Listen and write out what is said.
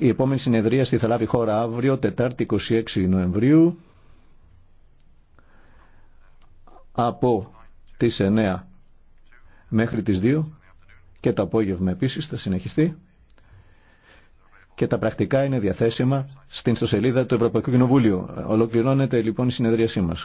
Η επόμενη συνεδρία στη Θελάβη χώρα αύριο, Τετάρτη 26 Νοεμβρίου, από τις 9 μέχρι τις 2 και το απόγευμα επίσης θα συνεχιστεί και τα πρακτικά είναι διαθέσιμα στην στοσελίδα του Ευρωπαϊκού Κοινοβούλιο. Ολοκληρώνεται λοιπόν η συνεδρίασή μας.